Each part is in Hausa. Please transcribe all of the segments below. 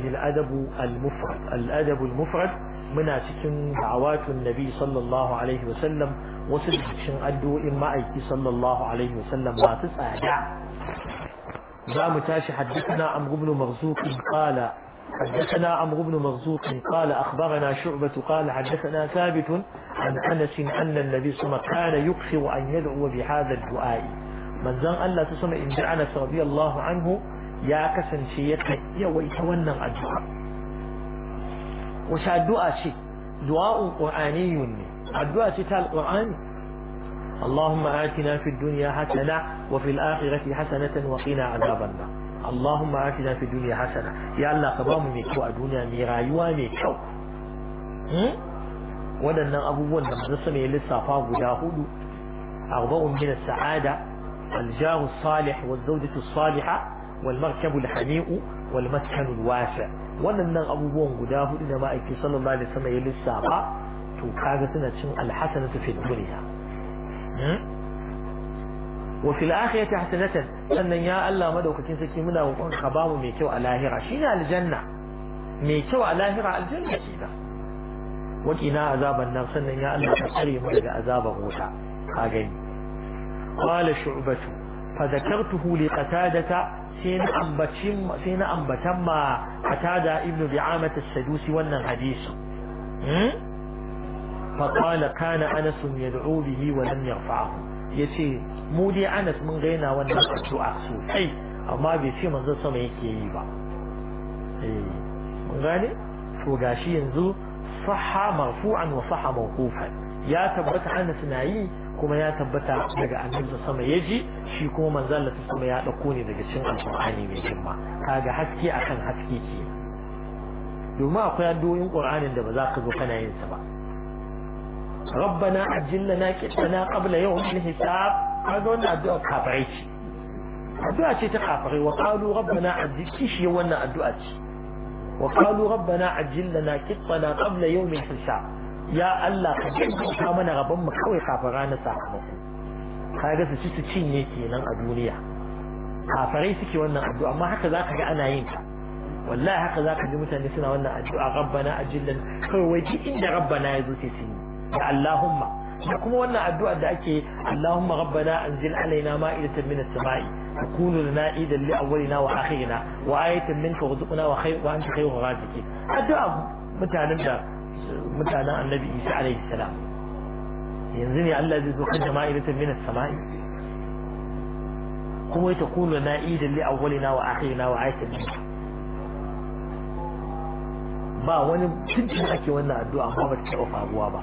به الأدب المفرد الأدب المفرد من أتكن دعوات النبي صلى الله عليه وسلم وسلسكن أدو إما أيكي صلى الله عليه وسلم لا تسعى جاء تاشي حدثنا عمر بن مغزوك قال حدثنا عمرو بن مرزوق قال أخبرنا شعبة قال حدثنا ثابت عن أنس أن النبي صلى الله عليه وسلم كان يكفي ان يدعو بهذا الدعاء من ذن أن لا تسمى إن جعنس رضي الله عنه ya kasance ya yawaita wannan addu'a wace addu'a ce du'a'un qur'aniyun ne addu'a ce ta alqur'ani اللهم آتنا في الدنيا حسنة وفي الآخرة حسنة وقنا عذاب النار اللهم آتنا في الدنيا حسنة يا الله كبام ميكو أدونا ميرايوا ميكو ودنا أبوان لما نسمي للصفا هدو أغضاء من السعادة الجاه الصالح والزوجة الصالحة والمركب الحنيء والمسكن الواسع waɗannan abubuwan guda hudu da ma'aiki sallallahu alaihi wasallam ya lissafa to kaga suna cin alhasanatu fi dunya wa fil akhirati hasanatan sannan ya Allah madaukakin saki muna roƙon ka ba mu mai kyau a lahira shine aljanna mai kyau a lahira aljanna ce ba wa qina azaban nar sannan ya Allah ka tsare mu daga azabar wuta ka gani qala shu'batu fa dhakartuhu li qatada sai na ambacin sai na ambatan ma ibn bi'amat as-sadusi wannan hadisi hmm? fa qala kana anas yad'u bihi wa lam yarfa'ahu yace mu dai anas mun gaina yana wannan a sosai amma bai ce manzo sama yake yi ba eh, mun gane to gashi yanzu sahha marfu'an wa sahha mawqufan ya tabbata anas na yi kuma ya tabbata daga annabi sama ya ji shi kuma manzo Allah sama ya dauko ne daga cikin alqur'ani mai girma kaga haske akan haske ke domin akwai addu'o'in qur'anin da ba za ka zo kana yin sa ba ربنا عجل لنا قطنا قبل يوم hisab هذا wannan addu'a kafirai ce addu'a ce ta kafirai wa qalu rabbana ajil kishi wannan addu'a ce wa qalu rabbana ajil lana qitana qabla yawm al-hisab ya Allah ka ka mana rabon mu kawai kafin ranar sakamako ga su ci su cinye kenan a duniya kafarai suke wannan addu'a amma haka za ka ga ana yin ta wallahi haka zaka ji mutane suna wannan addu'a rabbana ajillan kawai wai duk inda rabbana ya zo sai sun yi da allahumma da kuma wannan addu'a da ake allahumma rabbana anzil alaina ma'idatan minas sama'i takunu lana idan li awwalina wa akhirina wa ayatan minka warzuqna wa khayr wa anta khayrul raziqin addu'a mutanen da mutanen annabi isa alaihi salam yanzu ne Allah zai zo kan jama'iratin min as-sama'i kuma ita kula na idan li awwalina wa akhirina wa ayatin min ba wani tuntun ake wannan addu'a ba ba ta taɓa faruwa ba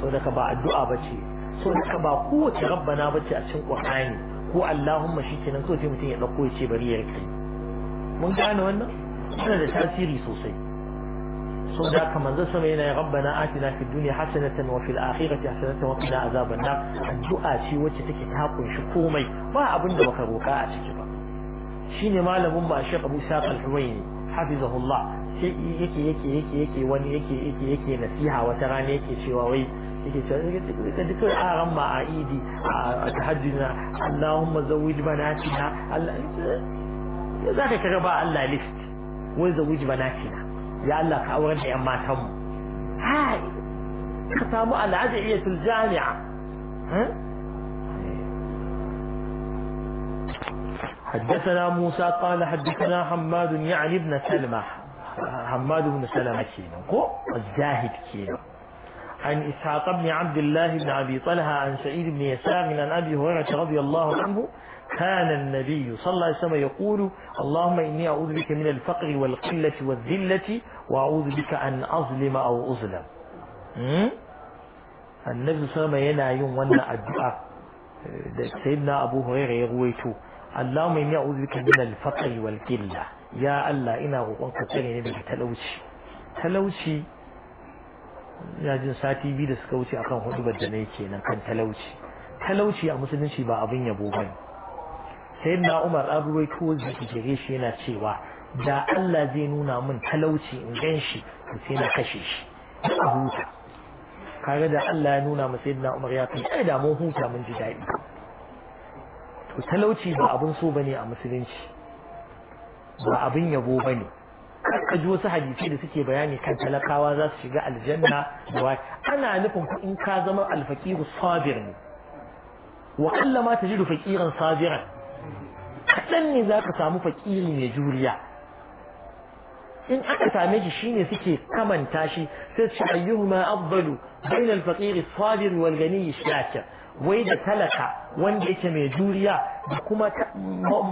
so daga ba addu'a ba ce so daga ba kowace rabbana ba ce a cikin ƙur'ani ko allahumma shi kenan kawai sai mutum ya ɗauko ya ce bari ya rike mun gane wannan yana da tasiri sosai so da haka manzo sama yana rabbana atina fid dunya hasanatan wa fil akhirati hasanatan wa qina azaban nar addu'a ce wacce take ta kunshi komai ba abin da baka roka a ciki ba shine malamin ba Sheikh Abu Sa'ad al-Huwaini hafizahullah sai yake yake yake yake wani yake yake yake nasiha wata rana yake cewa wai yake cewa ka duka aran ma a idi a tahajjuna Allahumma zawwij banatina Allah zaka kaga ba Allah list wai zawwij banatina يا الله ka aurar da yan matan mu hai ka samu حدثنا موسى قال حدثنا حماد يعني ابن سلمة حماد بن سلمة كينو الزاهد كينو عن إسحاق بن عبد الله بن أبي طلحة عن سعيد بن يسار عن أبي هريرة رضي الله عنه كان النبي صلى الله عليه وسلم يقول اللهم إني أعوذ بك من الفقر والقلة والذلة وأعوذ بك أن أظلم أو أظلم النبي صلى الله عليه وسلم ينعي وانا الدعاء سيدنا أبو هريرة يرويته اللهم إني أعوذ بك من الفقر والقلة يا الله إنا وانك تريني بك تلوشي تلوشي ya jin sati biyu da suka wuce akan hudu da ne kenan kan talauci talauci a musulunci ba abin yabo bane sayyidina umar an ruwaito zai shi yana cewa da Allah zai nuna min talauci in gan shi sai na kashe shi a huta da Allah ya nuna masa yadda Umar ya kai ai mun huta mun ji daɗi to talauci ba abin so bane a musulunci ba abin yabo bane ka ji wasu hadisi da suke bayani kan talakawa za su shiga aljanna da ana nufin ku in ka zama alfaqihu sabir ne wa kallama tajidu faqiran sabiran kaɗan ne za ka samu fakiri mai juriya in aka same shi shine suke kamanta shi sai su ayyuhuma afdalu bain faƙiri faqir as-sabir wal ghani shakir wai da talaka wanda yake mai juriya da kuma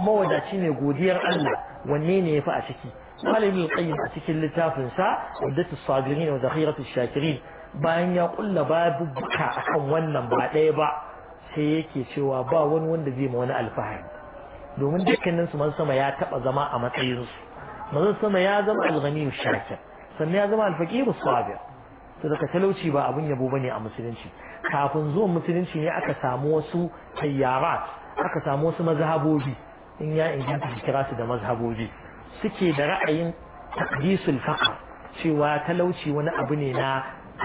mawadaci ne godiyar Allah wanne ne yafi a ciki Malamin Al-Qayyim a cikin littafin sa Waddatu as-sabirin wa zakhiratu ash-shakirin bayan ya kulla babu buka akan wannan ba ɗaya ba sai yake cewa ba wani wanda zai ma wani alfahari domin dukkanin su sama ya taba zama a matsayin su manzon sama ya zama al-ghani shakir sannan ya zama al-faqir sabir to daga talauci ba abun yabo bane a musulunci kafin zuwan musulunci ne aka samu wasu tayyarat aka samu wasu mazhabobi in ya inganta kira su da mazhabobi suke da ra'ayin taqdisul faqr cewa talauci wani abu ne na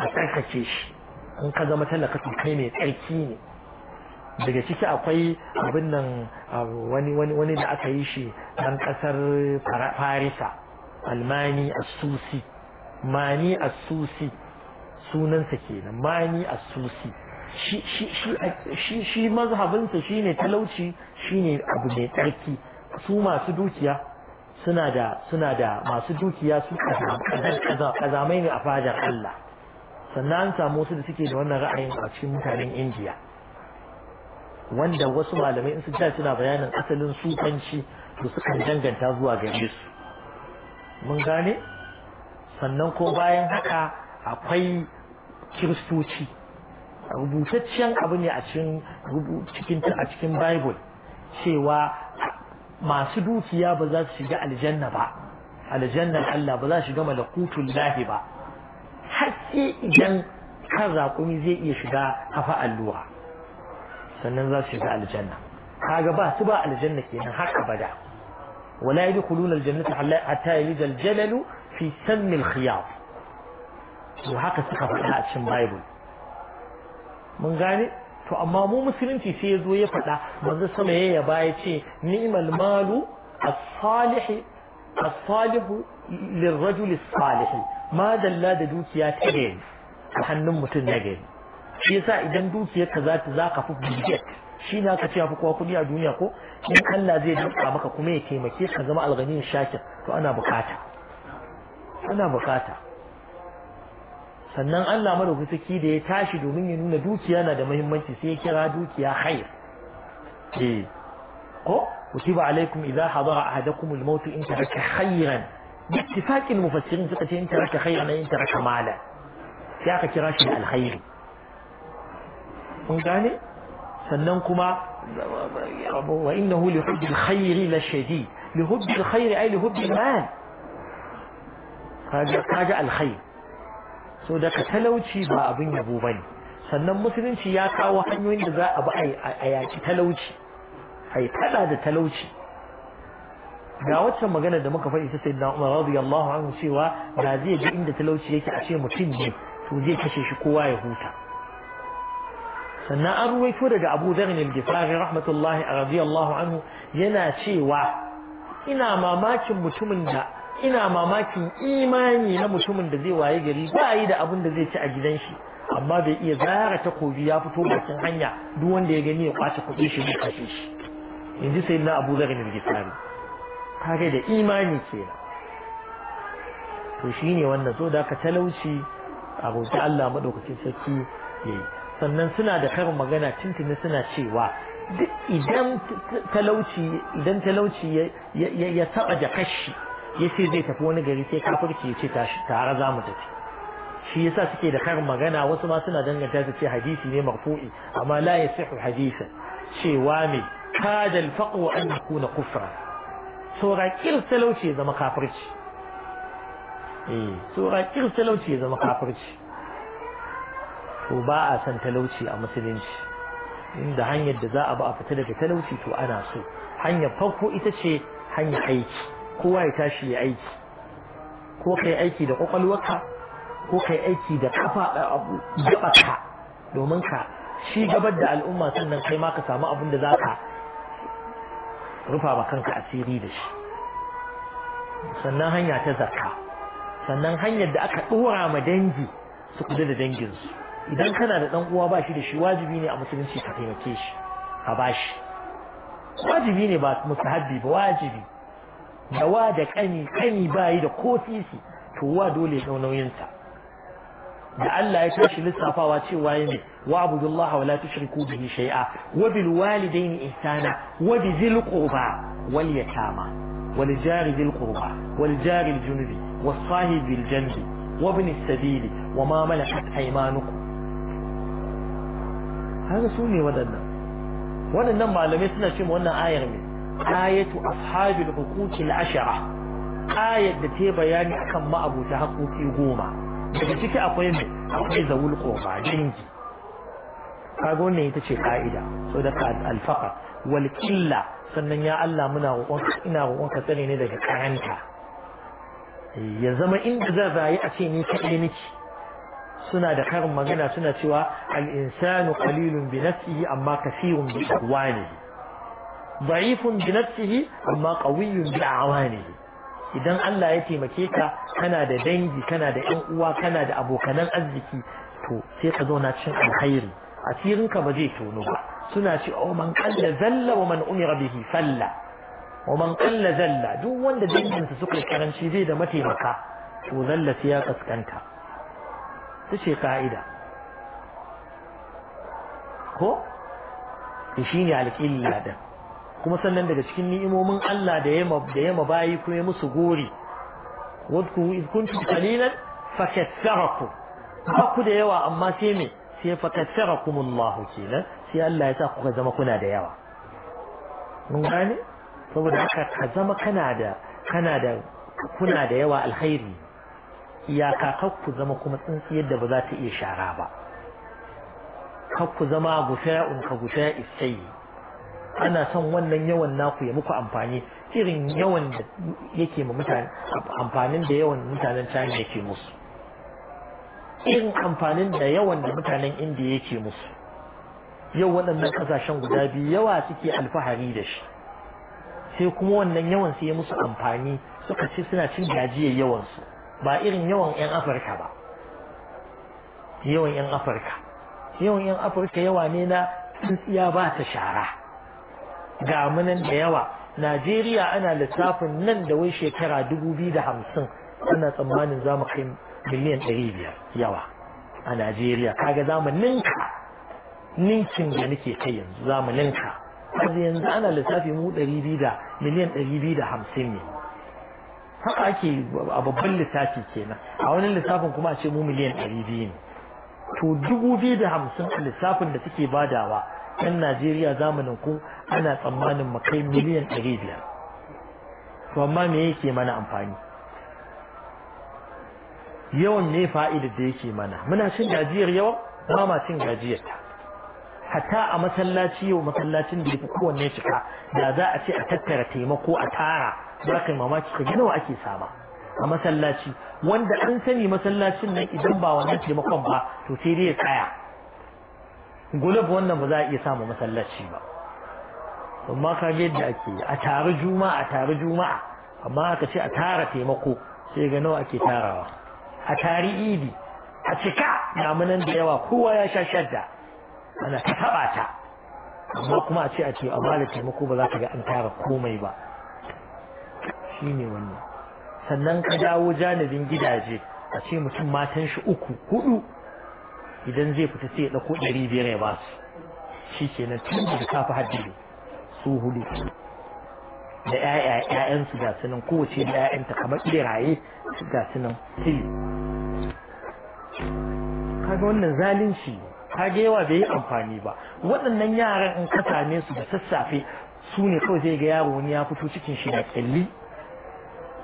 a tsarkake shi in ka zama talaka kai ne tsarki ne daga ciki akwai abin nan wani da aka yi shi ɗan ƙasar farisa almani asusi mani asusi sunansa kenan mani asusi shi mazhabinsa shi ne talauci shi ne abu mai tsarki su masu dukiya suna da suna da masu dukiya su kazamai ne a fajar Allah sannan an samu wasu da suke da wannan ra'ayin a cikin mutanen indiya wanda wasu malamai in su ja suna bayanin asalin sufanci to suka danganta zuwa ga Yesu. mun gane sannan ko bayan haka akwai kiristoci rubutaccen abu ne a cikin a cikin bible cewa masu dukiya ba za su shiga aljanna ba aljannan Allah ba za su shiga malakutun lahi ba haske idan kan raƙumi zai iya shiga kafa alluwa sannan za su shiga aljanna kaga ba su ba aljanna kenan har abada wala yadkhuluna aljannata hatta yalija aljalalu fi sammi alkhiyar to haka suka faɗa a cikin bible mun gane to amma mu musulunci sai ya zo ya faɗa manzo sama ya yaba ya ce ni'mal malu as-salih as-salih lirrajul as-salih ma dalla da dukiya ta gari a hannun mutum na gari shi yasa idan dukiyar ka za ta za ka fi budget shi ne aka ce a fukuwa kudi a duniya ko in Allah zai dinka maka kuma ya taimake ka zama alghani shakir to ana bukata ana bukata sannan Allah madauki saki da ya tashi domin ya nuna dukiya na da muhimmanci sai ya kira dukiya khair eh ko kutiba alaikum idza hadara ahadakum al-maut in taraka khairan باتفاق المفسرين suka ce in taraka khairan in taraka mala sai aka kira shi alkhairi mun gane sannan kuma wa innahu li hubbil khairi la shadid li hubbil khairi ay li hubbil mal kaga kaga al khair so da ka talauci ba abin yabo bane sannan musulunci ya kawo hanyoyin da za a bi a yaki talauci ai fada da talauci ga waccan magana da muka faɗi ta sayyidina Umar radiyallahu anhu cewa da zai ji inda talauci yake a ce mutum ne to zai kashe shi kowa ya huta sannan an ruwaito daga abu zarin al rahmatullahi a radiyallahu anhu yana cewa ina mamakin mutumin da ina mamakin imani na mutumin da zai waye gari ba yi da abin da zai ci a gidan shi amma bai iya zara takobi ya fito bakin hanya duk wanda ya gani ya kwace kuɗi shi ne kashe shi inji sai na abu zarin al kare da imani kenan to shine wannan so da ka talauci a Allah madaukakin sarki yayi sannan suna da karin magana tuntuni suna cewa idan talauci idan talauci ya taba da kashi ya ce zai tafi wani gari sai kafirci ya ce tare za mu tafi shi yasa suke da karin magana wasu ma suna danganta su ce hadisi ne marfu'i amma la yasihu hadisan cewa me kada al-faqru an yakuna kufra saura kir talauci ya zama kafirci eh saura kir talauci ya zama kafirci to ba a son talauci a musulunci inda hanyar da za a ba a fita daga talauci to ana so hanyar farko ita ce hanyar aiki kowa ya tashi ya aiki ko kai aiki da kwakwalwarka ko kai aiki da kafa gabaka domin ka shi gabar da al'umma sannan kai ma ka samu abin da za ka rufa ma kanka asiri da shi sannan hanya ta zakka sannan hanyar da aka ɗora ma dangi su kudu da danginsu idan kana da dan uwa ba shi da shi wajibi ne a musulunci ka taimake shi ka bashi wajibi ne ba mustahabbi ba wajibi da wa da kani kani bayi da ko sisi to wa dole ya nauyin sa da Allah ya tashi lissafawa cewa ne wa abudullahi wa la tushriku bihi shay'a wa bil walidayni ihsana wa bi dhil qurba wal yatama wal jari dhil qurba wal jari al junubi was sahibi al janbi وابن السبيل وما ملكت أيمانكم هذا سوني ودنا ودنا معلمي سنة شم وانا آية آية أصحاب الحقوق العشرة آية التي بياني أكم ما أبو تحقوقي قوما daga ciki akwai mai akwai zawul kofa dangi kaga wannan ita ce ka'ida so da ka alfaqa sannan ya Allah ina tsare ne daga ya zama inda zan rayu a ce ni kaɗai nake suna da karin magana suna cewa al-insanu qalilun bi nafsihi amma kathirun bi awanihi da'ifun bi nafsihi amma qawiyyun bi awanihi idan Allah ya taimake ka kana da dangi kana da ƴan uwa kana da abokanan arziki to sai ka zauna cin alkhairi asirinka ba zai tono ba suna ce o oh, man qalla zalla wa man umira bihi falla wa man qalla zalla duk wanda danginsa suka karanci bai da mataimaka to zalla ya kaskanta ta ce ka'ida ko to shine alƙilla din kuma sannan daga cikin ni'imomin Allah da ya da ya mabayi kuma ya musu gori wadku id kuntum qalilan fakaththarakum ba ku da yawa amma sai me sai fakaththarakum Allah kenan sai Allah ya sa ku zama kuna da yawa mun gane saboda haka ka zama kana da kana da kuna da yawa alkhairi ya kar ku zama kuma tsintsiyar da ba za ta iya shara ba kar ku zama gusha'un ka gusha isai ana son wannan yawan naku ya muku amfani irin yawan da yake ma mutane amfanin da yawan mutanen China yake musu irin amfanin da yawan da mutanen indiya yake musu yau waɗannan ƙasashen guda biyu yawa suke alfahari da shi sai kuma wannan yawan sai ya musu amfani suka ce suna cin gajiyar yawansu ba irin yawan 'yan afirka ba yawan 'yan afirka yawan 'yan afirka yawa ne na tsintsiya ba ta shara ga munan da yawa najeriya ana lissafin nan da wai shekara dubu biyu da hamsin ana tsammanin za mu kai miliyan ɗari biyar yawa a najeriya kaga za mu ninkin da nake kai yanzu za mu abu yanzu ana lissafi mu ɗari biyu da miliyan ɗari biyu da hamsin ne haka ake a babban lissafi kenan a wani lissafin kuma a ce mu miliyan ɗari biyu ne to dubu biyu da hamsin a lissafin da suke badawa ɗan najeriya zamanin ku ana tsammanin mu kai miliyan ɗari biyar to amma me yake mana amfani yawan ne fa'idar da yake mana muna cin gajiyar yawa ba ma cin gajiyar ta hatta a masallaci yau masallacin da yake kowanne cika da za a ce a tattara taimako a tara za ka yi mamaki ka gina wa ake sama a masallaci wanda an sani masallacin nan idan ba wannan taimakon ba to sai dai ya tsaya gulab wannan ba za a iya samu masallaci ba amma ka ga yadda ake a tare juma'a a tare juma'a amma aka ce a tara taimako sai ga nawa ake tarawa a tari idi a cika namunan da yawa kowa ya sha shadda ana ta taba ta amma kuma a ce a ce a ba da taimako ba za ka ga an tara komai ba shine wannan sannan ka dawo janibin gidaje a ce mutum matan shi uku hudu idan zai fita sai ya ɗauko ɗari biyar ya ba su shi kenan tun da fi haddi su hudu da ‘ya'yansu ga sunan kowace da ‘ya'yanta kamar ɓeraye ga sunan tili kaga wannan zalunci ga yawa bai yi amfani ba waɗannan yaran in ka same su da sassafe su ne kawai zai ga yaro wani ya fito cikin shi na kyalli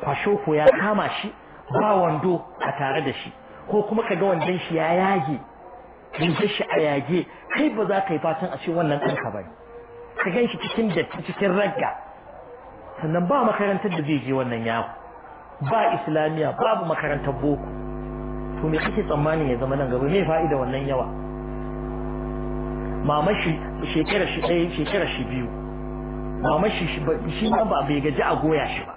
kwasho ya kama shi ba wando a tare da shi ko kuma ka ga wandon shi ya yage rigar shi a yage kai ba za ka yi fatan a ce wannan ɗanka ba ka gan shi cikin datti cikin ragga sannan ba makarantar da zai je wannan yaro ba islamiyya babu makarantar boko to me kake tsammanin ya zama nan gaba me fa'ida wannan yawa mamashi shekara shi ɗaya shekara shi biyu mamashi shi ma ba bai gaji a goya shi ba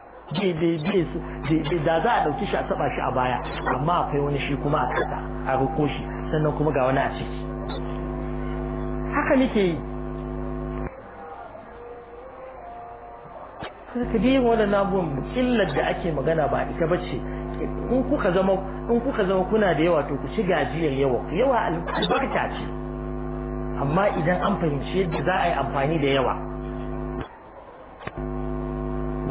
da za a ɗauki shi a taɓa shi a baya amma akwai wani shi kuma a kasa a roƙo shi sannan kuma ga wani a ciki haka nake yi ka bi waɗannan abubuwan illar da ake magana ba ita ba ce in kuka zama kuna da yawa to ku ci gajiyar yawa yawa albarka ce amma idan an fahimci yadda za a yi amfani da yawa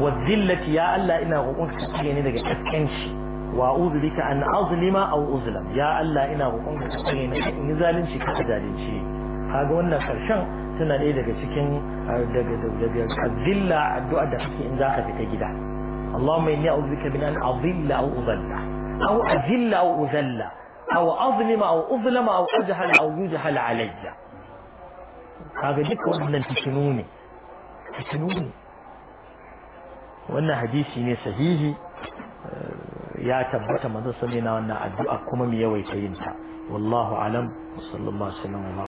wazillati ya Allah ina roƙon ka tsare ni daga kaskanci wa uzlika an azlima aw uzlam ya Allah ina roƙon ka tsare ni in yi zalunci ka zalunci kaga wannan karshen suna ɗaya daga cikin ah, daga daga azilla addu'a da kake in za ka fita gida Allahumma inni a'udhu min an azilla aw uzalla aw azilla aw uzalla aw azlima aw uzlama aw ajhala aw yujhala alayya. هذا ديك وانا انت شنوني انت شنوني وانا حديثي ني صحيحي يا تبوت مدرسة لنا وانا عدو اكمم يويتين والله اعلم وصلى الله عليه وسلم